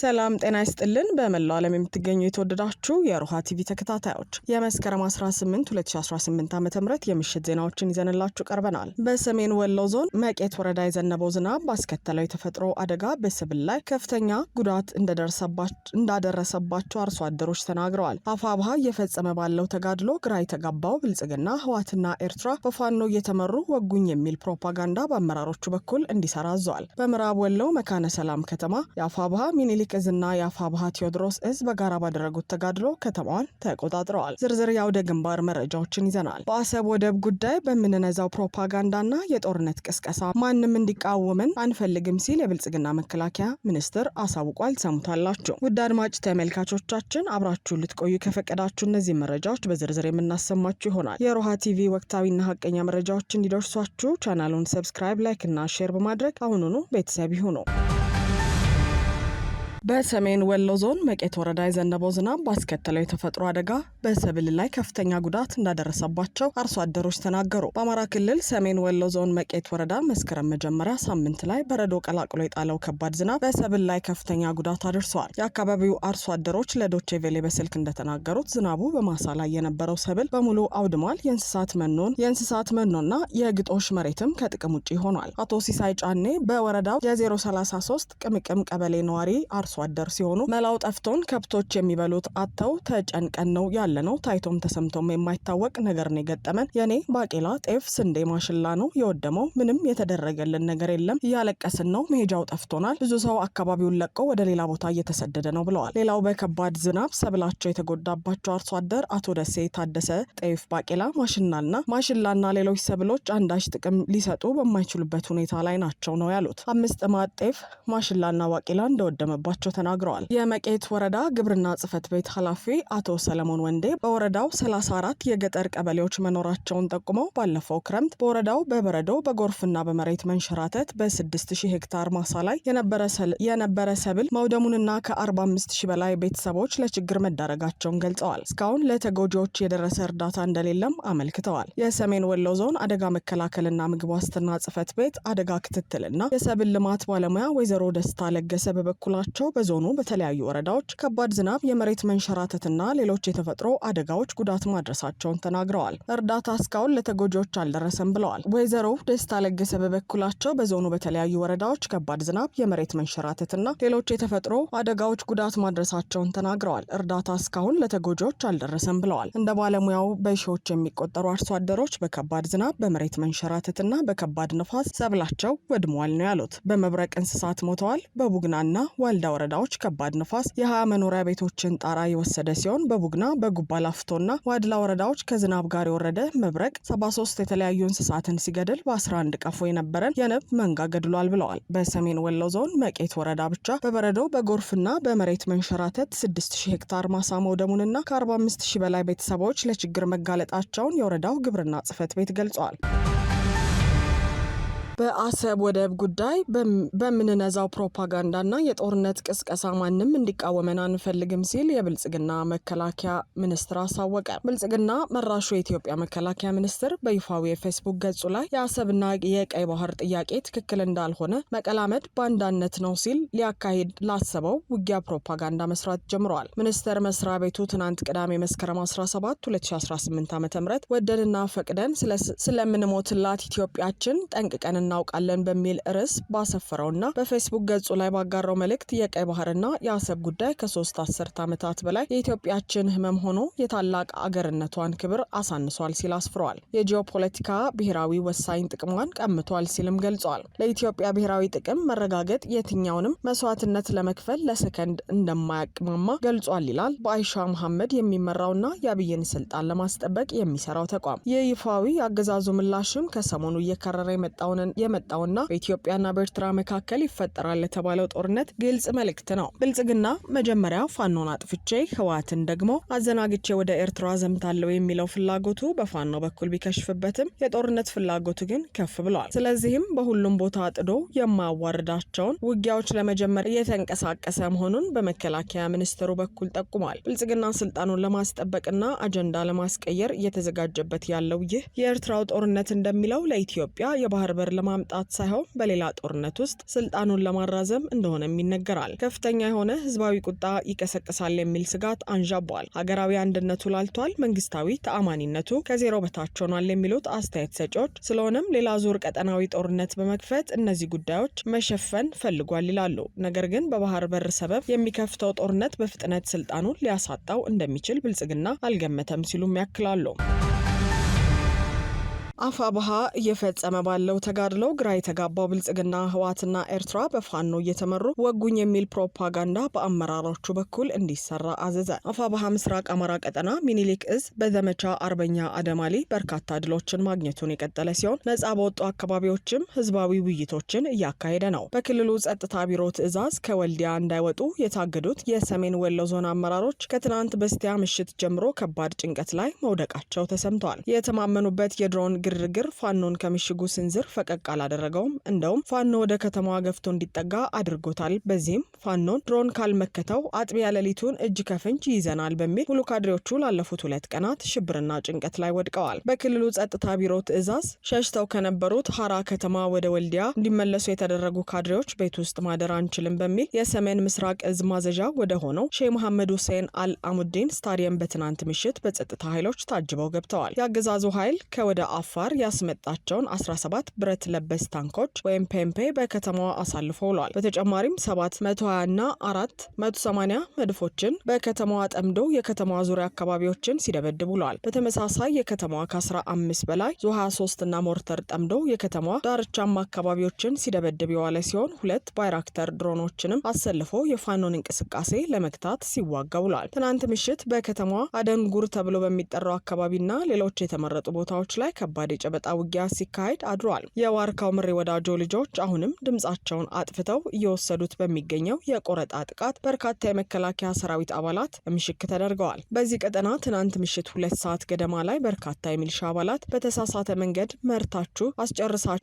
ሰላም ጤና ይስጥልን። በመላው ዓለም የምትገኙ የተወደዳችሁ የሮሃ ቲቪ ተከታታዮች የመስከረም 18 2018 ዓ ም የምሽት ዜናዎችን ይዘንላችሁ ቀርበናል። በሰሜን ወሎ ዞን መቄት ወረዳ የዘነበው ዝናብ ባስከተለው የተፈጥሮ አደጋ በሰብል ላይ ከፍተኛ ጉዳት እንዳደረሰባቸው አርሶ አደሮች ተናግረዋል። አፋብሃ እየፈጸመ ባለው ተጋድሎ ግራ የተጋባው ብልጽግና ህዋትና ኤርትራ በፋኖ እየተመሩ ወጉኝ የሚል ፕሮፓጋንዳ በአመራሮቹ በኩል እንዲሰራ አዟል። በምዕራብ ወሎ መካነ ሰላም ከተማ የአፋብሃ ሚኒሊክ ምኒልክ እዝና የአፋ ባህ ቴዎድሮስ እዝ በጋራ ባደረጉት ተጋድሎ ከተማዋን ተቆጣጥረዋል። ዝርዝር የአውደ ግንባር መረጃዎችን ይዘናል። በአሰብ ወደብ ጉዳይ በምንነዛው ፕሮፓጋንዳና የጦርነት ቅስቀሳ ማንም እንዲቃወምን አንፈልግም ሲል የብልጽግና መከላከያ ሚኒስትር አሳውቋል። ሰሙታላችሁ። ውድ አድማጭ ተመልካቾቻችን አብራችሁ ልትቆዩ ከፈቀዳችሁ እነዚህ መረጃዎች በዝርዝር የምናሰማችሁ ይሆናል። የሮሃ ቲቪ ወቅታዊና ሀቀኛ መረጃዎች እንዲደርሷችሁ ቻናሉን ሰብስክራይብ፣ ላይክ እና ሼር በማድረግ አሁኑኑ ቤተሰብ ይሁኑ። በሰሜን ወሎ ዞን መቄት ወረዳ የዘነበው ዝናብ ባስከተለው የተፈጥሮ አደጋ በሰብል ላይ ከፍተኛ ጉዳት እንዳደረሰባቸው አርሶ አደሮች ተናገሩ። በአማራ ክልል ሰሜን ወሎ ዞን መቄት ወረዳ መስከረም መጀመሪያ ሳምንት ላይ በረዶ ቀላቅሎ የጣለው ከባድ ዝናብ በሰብል ላይ ከፍተኛ ጉዳት አድርሰዋል። የአካባቢው አርሶ አደሮች ለዶቼ ቬሌ በስልክ እንደተናገሩት ዝናቡ በማሳ ላይ የነበረው ሰብል በሙሉ አውድሟል። የእንስሳት መኖን የእንስሳት መኖና የግጦሽ መሬትም ከጥቅም ውጭ ሆኗል። አቶ ሲሳይ ጫኔ በወረዳው የ033 ቅምቅም ቀበሌ ነዋሪ አርሶ አደር ሲሆኑ መላው ጠፍቶን ከብቶች የሚበሉት አጥተው ተጨንቀን ነው ያለ ነው። ታይቶም ተሰምቶም የማይታወቅ ነገር ነው የገጠመን። የኔ ባቄላ፣ ጤፍ፣ ስንዴ፣ ማሽላ ነው የወደመው። ምንም የተደረገልን ነገር የለም። እያለቀስን ነው። መሄጃው ጠፍቶናል። ብዙ ሰው አካባቢውን ለቆ ወደ ሌላ ቦታ እየተሰደደ ነው ብለዋል። ሌላው በከባድ ዝናብ ሰብላቸው የተጎዳባቸው አርሶ አደር አቶ ደሴ ታደሰ ጤፍ፣ ባቄላ፣ ማሽናና ማሽላና ሌሎች ሰብሎች አንዳች ጥቅም ሊሰጡ በማይችሉበት ሁኔታ ላይ ናቸው ነው ያሉት። አምስት ማጤፍ ጤፍ፣ ማሽላና ባቄላ እንደወደመባቸው መሆናቸው ተናግረዋል። የመቄት ወረዳ ግብርና ጽህፈት ቤት ኃላፊ አቶ ሰለሞን ወንዴ በወረዳው 34 የገጠር ቀበሌዎች መኖራቸውን ጠቁመው ባለፈው ክረምት በወረዳው በበረዶ በጎርፍና በመሬት መንሸራተት በ6000 ሄክታር ማሳ ላይ የነበረ ሰብል መውደሙንና ከ45000 በላይ ቤተሰቦች ለችግር መዳረጋቸውን ገልጸዋል። እስካሁን ለተጎጂዎች የደረሰ እርዳታ እንደሌለም አመልክተዋል። የሰሜን ወሎ ዞን አደጋ መከላከልና ምግብ ዋስትና ጽህፈት ቤት አደጋ ክትትልና የሰብል ልማት ባለሙያ ወይዘሮ ደስታ ለገሰ በበኩላቸው በዞኑ በተለያዩ ወረዳዎች ከባድ ዝናብ፣ የመሬት መንሸራተትና ሌሎች የተፈጥሮ አደጋዎች ጉዳት ማድረሳቸውን ተናግረዋል። እርዳታ እስካሁን ለተጎጂዎች አልደረሰም ብለዋል። ወይዘሮ ደስታ ለገሰ በበኩላቸው በዞኑ በተለያዩ ወረዳዎች ከባድ ዝናብ፣ የመሬት መንሸራተትና ሌሎች የተፈጥሮ አደጋዎች ጉዳት ማድረሳቸውን ተናግረዋል። እርዳታ እስካሁን ለተጎጂዎች አልደረሰም ብለዋል። እንደ ባለሙያው በሺዎች የሚቆጠሩ አርሶ አደሮች በከባድ ዝናብ፣ በመሬት መንሸራተትና በከባድ ነፋስ ሰብላቸው ወድመዋል ነው ያሉት። በመብረቅ እንስሳት ሞተዋል። በቡግናና ዋልዳ ወረዳዎች ከባድ ንፋስ የሀያ መኖሪያ ቤቶችን ጣራ የወሰደ ሲሆን በቡግና በጉባ ላፍቶና ዋድላ ወረዳዎች ከዝናብ ጋር የወረደ መብረቅ 73 የተለያዩ እንስሳትን ሲገድል በ11 ቀፎ የነበረን የንብ መንጋ ገድሏል ብለዋል። በሰሜን ወሎ ዞን መቄት ወረዳ ብቻ በበረዶ በጎርፍና በመሬት መንሸራተት 6000 ሄክታር ማሳ መውደሙንና ከ45000 በላይ ቤተሰቦች ለችግር መጋለጣቸውን የወረዳው ግብርና ጽሕፈት ቤት ገልጸዋል። በአሰብ ወደብ ጉዳይ በምንነዛው ፕሮፓጋንዳና የጦርነት ቅስቀሳ ማንም እንዲቃወመን አንፈልግም ሲል የብልጽግና መከላከያ ሚኒስትር አሳወቀ። ብልጽግና መራሹ የኢትዮጵያ መከላከያ ሚኒስትር በይፋዊ የፌስቡክ ገጹ ላይ የአሰብና የቀይ ባህር ጥያቄ ትክክል እንዳልሆነ መቀላመድ ባንዳነት ነው ሲል ሊያካሂድ ላሰበው ውጊያ ፕሮፓጋንዳ መስራት ጀምረዋል። ሚኒስቴር መስሪያ ቤቱ ትናንት ቅዳሜ መስከረም 17 2018 ዓ ም ወደንና ፈቅደን ስለምንሞትላት ኢትዮጵያችን ጠንቅቀንና እናውቃለን በሚል ርዕስ ባሰፈረውና በፌስቡክ ገጹ ላይ ባጋራው መልእክት የቀይ ባህርና የአሰብ ጉዳይ ከሶስት አስርት ዓመታት በላይ የኢትዮጵያችን ህመም ሆኖ የታላቅ አገርነቷን ክብር አሳንሷል ሲል አስፍሯል። የጂኦፖለቲካ ብሔራዊ ወሳኝ ጥቅሟን ቀምቷል ሲልም ገልጿል። ለኢትዮጵያ ብሔራዊ ጥቅም መረጋገጥ የትኛውንም መስዋዕትነት ለመክፈል ለሰከንድ እንደማያቅማማ ገልጿል ይላል በአይሻ መሐመድ የሚመራውና የአብይን ስልጣን ለማስጠበቅ የሚሰራው ተቋም። ይህ ይፋዊ አገዛዙ ምላሽም ከሰሞኑ እየከረረ የመጣውንን የመጣውና በኢትዮጵያና በኤርትራ መካከል ይፈጠራል የተባለው ጦርነት ግልጽ መልእክት ነው። ብልጽግና መጀመሪያ ፋኖን አጥፍቼ ህወሓትን ደግሞ አዘናግቼ ወደ ኤርትራ ዘምታለሁ የሚለው ፍላጎቱ በፋኖ በኩል ቢከሽፍበትም የጦርነት ፍላጎቱ ግን ከፍ ብሏል። ስለዚህም በሁሉም ቦታ አጥዶ የማያዋርዳቸውን ውጊያዎች ለመጀመር እየተንቀሳቀሰ መሆኑን በመከላከያ ሚኒስትሩ በኩል ጠቁሟል። ብልጽግና ስልጣኑን ለማስጠበቅና አጀንዳ ለማስቀየር እየተዘጋጀበት ያለው ይህ የኤርትራው ጦርነት እንደሚለው ለኢትዮጵያ የባህር በር ለማምጣት ሳይሆን በሌላ ጦርነት ውስጥ ስልጣኑን ለማራዘም እንደሆነም ይነገራል። ከፍተኛ የሆነ ህዝባዊ ቁጣ ይቀሰቅሳል የሚል ስጋት አንዣቧል። ሀገራዊ አንድነቱ ላልቷል፣ መንግስታዊ ተአማኒነቱ ከዜሮ በታች ሆኗል የሚሉት አስተያየት ሰጪዎች፣ ስለሆነም ሌላ ዙር ቀጠናዊ ጦርነት በመክፈት እነዚህ ጉዳዮች መሸፈን ፈልጓል ይላሉ። ነገር ግን በባህር በር ሰበብ የሚከፍተው ጦርነት በፍጥነት ስልጣኑን ሊያሳጣው እንደሚችል ብልጽግና አልገመተም ሲሉም ያክላሉ። አፋብሃ እየፈጸመ ባለው ተጋድሎ ግራ የተጋባው ብልጽግና ህወሓትና ኤርትራ በፋኖ እየተመሩ ወጉኝ የሚል ፕሮፓጋንዳ በአመራሮቹ በኩል እንዲሰራ አዘዘ። አፋብሃ ምስራቅ አማራ ቀጠና ሚኒሊክ እዝ በዘመቻ አርበኛ አደማሊ በርካታ ድሎችን ማግኘቱን የቀጠለ ሲሆን ነጻ በወጡ አካባቢዎችም ህዝባዊ ውይይቶችን እያካሄደ ነው። በክልሉ ጸጥታ ቢሮ ትዕዛዝ ከወልዲያ እንዳይወጡ የታገዱት የሰሜን ወሎ ዞን አመራሮች ከትናንት በስቲያ ምሽት ጀምሮ ከባድ ጭንቀት ላይ መውደቃቸው ተሰምተዋል። የተማመኑበት የድሮን ግርግር ፋኖን ከምሽጉ ስንዝር ፈቀቅ አላደረገውም። እንደውም ፋኖ ወደ ከተማዋ ገፍቶ እንዲጠጋ አድርጎታል። በዚህም ፋኖን ድሮን ካልመከተው አጥቢያ ሌሊቱን እጅ ከፍንጅ ይዘናል በሚል ሙሉ ካድሬዎቹ ላለፉት ሁለት ቀናት ሽብርና ጭንቀት ላይ ወድቀዋል። በክልሉ ጸጥታ ቢሮ ትዕዛዝ ሸሽተው ከነበሩት ሀራ ከተማ ወደ ወልዲያ እንዲመለሱ የተደረጉ ካድሬዎች ቤት ውስጥ ማደር አንችልም በሚል የሰሜን ምስራቅ እዝ ማዘዣ ወደ ሆነው ሼህ መሐመድ ሁሴን አልአሙዲን ስታዲየም በትናንት ምሽት በጸጥታ ኃይሎች ታጅበው ገብተዋል። የአገዛዙ ኃይል ከወደ አፋ አፋር ያስመጣቸውን 17 ብረት ለበስ ታንኮች ወይም ፔምፔ በከተማዋ አሳልፎ ውሏል። በተጨማሪም 720 እና 480 መድፎችን በከተማዋ ጠምዶ የከተማዋ ዙሪያ አካባቢዎችን ሲደበድብ ውሏል። በተመሳሳይ የከተማዋ ከ15 በላይ ዙ 23 እና ሞርተር ጠምዶ የከተማዋ ዳርቻማ አካባቢዎችን ሲደበድብ የዋለ ሲሆን ሁለት ባይራክተር ድሮኖችንም አሰልፎ የፋኖን እንቅስቃሴ ለመግታት ሲዋጋ ውሏል። ትናንት ምሽት በከተማዋ አደንጉር ተብሎ በሚጠራው አካባቢና ሌሎች የተመረጡ ቦታዎች ላይ ከባድ ከባድ ጨበጣ ውጊያ ሲካሄድ አድሯል። የዋርካው ምሬ ወዳጆ ልጆች አሁንም ድምጻቸውን አጥፍተው እየወሰዱት በሚገኘው የቆረጣ ጥቃት በርካታ የመከላከያ ሰራዊት አባላት ምሽክ ተደርገዋል። በዚህ ቀጠና ትናንት ምሽት ሁለት ሰዓት ገደማ ላይ በርካታ የሚሊሻ አባላት በተሳሳተ መንገድ መርታችሁ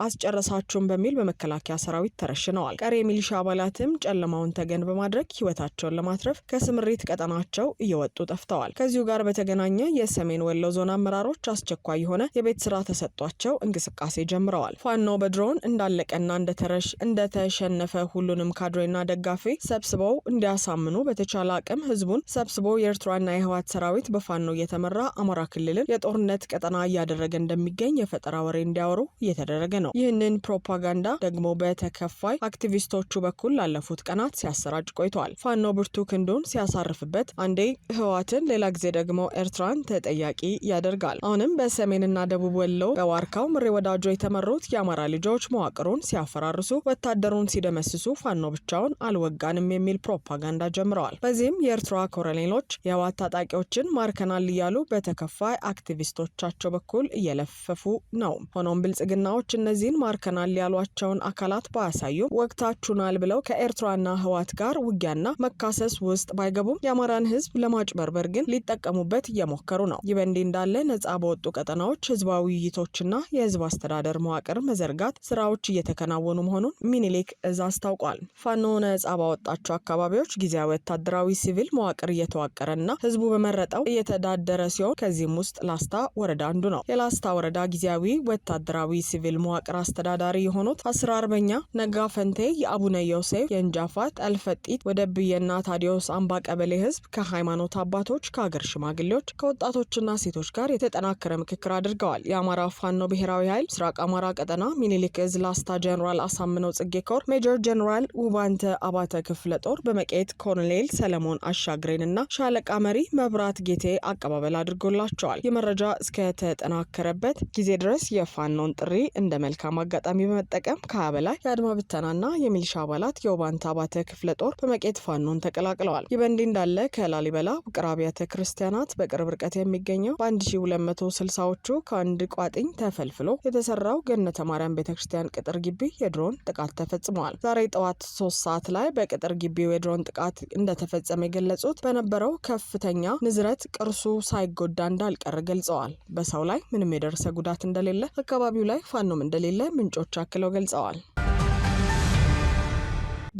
አስጨረሳችሁን በሚል በመከላከያ ሰራዊት ተረሽነዋል። ቀሪ የሚሊሻ አባላትም ጨለማውን ተገን በማድረግ ህይወታቸውን ለማትረፍ ከስምሪት ቀጠናቸው እየወጡ ጠፍተዋል። ከዚሁ ጋር በተገናኘ የሰሜን ወሎ ዞን አመራሮች አስቸኳይ የሆነ የቤት ስራ ተሰጧቸው እንቅስቃሴ ጀምረዋል። ፋኖ በድሮን እንዳለቀና እንደተረሽ እንደተሸነፈ ሁሉንም ካድሬና ደጋፊ ሰብስበው እንዲያሳምኑ በተቻለ አቅም ህዝቡን ሰብስቦ የኤርትራና የህወሓት ሰራዊት በፋኖ እየተመራ አማራ ክልልን የጦርነት ቀጠና እያደረገ እንደሚገኝ የፈጠራ ወሬ እንዲያወሩ እየተደረገ ነው። ይህንን ፕሮፓጋንዳ ደግሞ በተከፋይ አክቲቪስቶቹ በኩል ላለፉት ቀናት ሲያሰራጭ ቆይተዋል። ፋኖ ብርቱ ክንዱን ሲያሳርፍበት አንዴ ህወሓትን ሌላ ጊዜ ደግሞ ኤርትራን ተጠያቂ ያደርጋል። አሁንም በሰሜንና ደቡብ ወሎ ወሎ በዋርካው ምሬ ወዳጆ የተመሩት የአማራ ልጆች መዋቅሩን ሲያፈራርሱ፣ ወታደሩን ሲደመስሱ ፋኖ ብቻውን አልወጋንም የሚል ፕሮፓጋንዳ ጀምረዋል። በዚህም የኤርትራ ኮሎኔሎች የህወሓት ታጣቂዎችን ማርከናል እያሉ በተከፋይ አክቲቪስቶቻቸው በኩል እየለፈፉ ነው። ሆኖም ብልጽግናዎች እነዚህን ማርከናል ያሏቸውን አካላት ባያሳዩም ወቅታችሁናል ብለው ከኤርትራና ህወሓት ጋር ውጊያና መካሰስ ውስጥ ባይገቡም የአማራን ህዝብ ለማጭበርበር ግን ሊጠቀሙበት እየሞከሩ ነው። ይህ በእንዲህ እንዳለ ነጻ በወጡ ቀጠናዎች ህዝባዊ ውይይቶችና የህዝብ አስተዳደር መዋቅር መዘርጋት ስራዎች እየተከናወኑ መሆኑን ሚኒሊክ እዝ አስታውቋል። ፋኖ ነጻ ባወጣቸው አካባቢዎች ጊዜያዊ ወታደራዊ ሲቪል መዋቅር እየተዋቀረና ህዝቡ በመረጠው እየተዳደረ ሲሆን ከዚህም ውስጥ ላስታ ወረዳ አንዱ ነው። የላስታ ወረዳ ጊዜያዊ ወታደራዊ ሲቪል መዋቅር አስተዳዳሪ የሆኑት አስራ አርበኛ ነጋ ፈንቴ የአቡነ ዮሴፍ የእንጃፋት አልፈጢት ወደ ብየና ታዲዮስ አምባ ቀበሌ ህዝብ ከሃይማኖት አባቶች፣ ከሀገር ሽማግሌዎች፣ ከወጣቶችና ሴቶች ጋር የተጠናከረ ምክክር አድርገዋል። የአማራ ፋኖ ብሔራዊ ኃይል ምስራቅ አማራ ቀጠና ሚኒሊክ እዝ ላስታ ጀኔራል አሳምነው ጽጌ ኮር ሜጀር ጀኔራል ውባንተ አባተ ክፍለ ጦር በመቄት ኮሎኔል ሰለሞን አሻግሬንና ሻለቃ መሪ መብራት ጌቴ አቀባበል አድርጎላቸዋል። ይህ መረጃ እስከተጠናከረበት ጊዜ ድረስ የፋኖን ጥሪ እንደ መልካም አጋጣሚ በመጠቀም ከሀያ በላይ የአድማ ብተናና የሚሊሻ አባላት የውባንተ አባተ ክፍለ ጦር በመቄት ፋኖን ተቀላቅለዋል። ይህ በእንዲህ እንዳለ ከላሊበላ ውቅር አብያተ ክርስቲያናት በቅርብ ርቀት የሚገኘው በ1260ዎቹ ከአንድ ቋ በአፋጣኝ ተፈልፍሎ የተሰራው ገነተ ማርያም ቤተ ክርስቲያን ቅጥር ግቢ የድሮን ጥቃት ተፈጽመዋል። ዛሬ ጠዋት ሶስት ሰዓት ላይ በቅጥር ግቢው የድሮን ጥቃት እንደተፈጸመ የገለጹት በነበረው ከፍተኛ ንዝረት ቅርሱ ሳይጎዳ እንዳልቀር ገልጸዋል። በሰው ላይ ምንም የደረሰ ጉዳት እንደሌለ፣ አካባቢው ላይ ፋኖም እንደሌለ ምንጮች አክለው ገልጸዋል።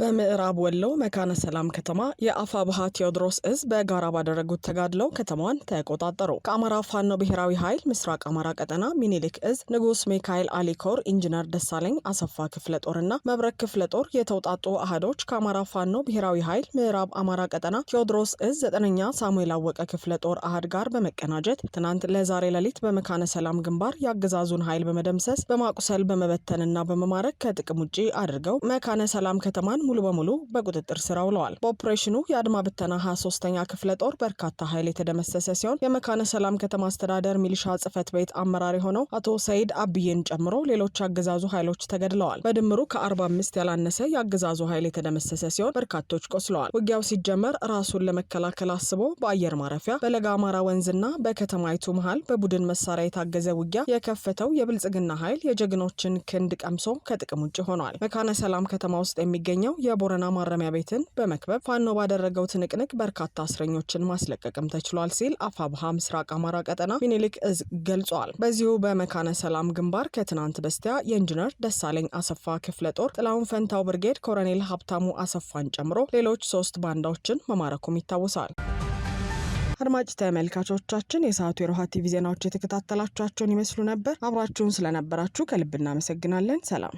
በምዕራብ ወሎ መካነ ሰላም ከተማ የአፋብሃ ቴዎድሮስ እዝ በጋራ ባደረጉት ተጋድለው ከተማዋን ተቆጣጠሩ። ከአማራ ፋኖ ብሔራዊ ኃይል ምስራቅ አማራ ቀጠና ሚኒሊክ እዝ ንጉስ ሚካኤል አሊኮር ኢንጂነር ደሳለኝ አሰፋ ክፍለ ጦርና መብረክ ክፍለ ጦር የተውጣጡ አህዶች ከአማራ ፋኖ ብሔራዊ ኃይል ምዕራብ አማራ ቀጠና ቴዎድሮስ እዝ ዘጠነኛ ሳሙኤል አወቀ ክፍለ ጦር አህድ ጋር በመቀናጀት ትናንት ለዛሬ ሌሊት በመካነ ሰላም ግንባር የአገዛዙን ኃይል በመደምሰስ በማቁሰል በመበተንና በመማረክ ከጥቅም ውጪ አድርገው መካነ ሰላም ከተማን ሙሉ በሙሉ በቁጥጥር ስር አውለዋል። በኦፕሬሽኑ የአድማ ብተና 23 ሶስተኛ ክፍለ ጦር በርካታ ኃይል የተደመሰሰ ሲሆን የመካነ ሰላም ከተማ አስተዳደር ሚሊሻ ጽህፈት ቤት አመራር የሆነው አቶ ሰይድ አብዬን ጨምሮ ሌሎች አገዛዙ ኃይሎች ተገድለዋል። በድምሩ ከ45 ያላነሰ የአገዛዙ ኃይል የተደመሰሰ ሲሆን በርካቶች ቆስለዋል። ውጊያው ሲጀመር ራሱን ለመከላከል አስቦ በአየር ማረፊያ በለጋ አማራ ወንዝና በከተማይቱ መሃል በቡድን መሳሪያ የታገዘ ውጊያ የከፈተው የብልጽግና ኃይል የጀግኖችን ክንድ ቀምሶ ከጥቅም ውጭ ሆኗል። መካነ ሰላም ከተማ ውስጥ የሚገኘው የቦረና ማረሚያ ቤትን በመክበብ ፋኖ ባደረገው ትንቅንቅ በርካታ እስረኞችን ማስለቀቅም ተችሏል ሲል አፋብሃ ምስራቅ አማራ ቀጠና ሚኒሊክ እዝ ገልጿል። በዚሁ በመካነ ሰላም ግንባር ከትናንት በስቲያ የኢንጂነር ደሳለኝ አሰፋ ክፍለ ጦር ጥላውን ፈንታው ብርጌድ ኮሎኔል ሀብታሙ አሰፋን ጨምሮ ሌሎች ሶስት ባንዳዎችን መማረኩም ይታወሳል። አድማጭ ተመልካቾቻችን የሰዓቱ የሮሃ ቲቪ ዜናዎች የተከታተላችኋቸውን ይመስሉ ነበር። አብራችሁን ስለነበራችሁ ከልብ እናመሰግናለን። ሰላም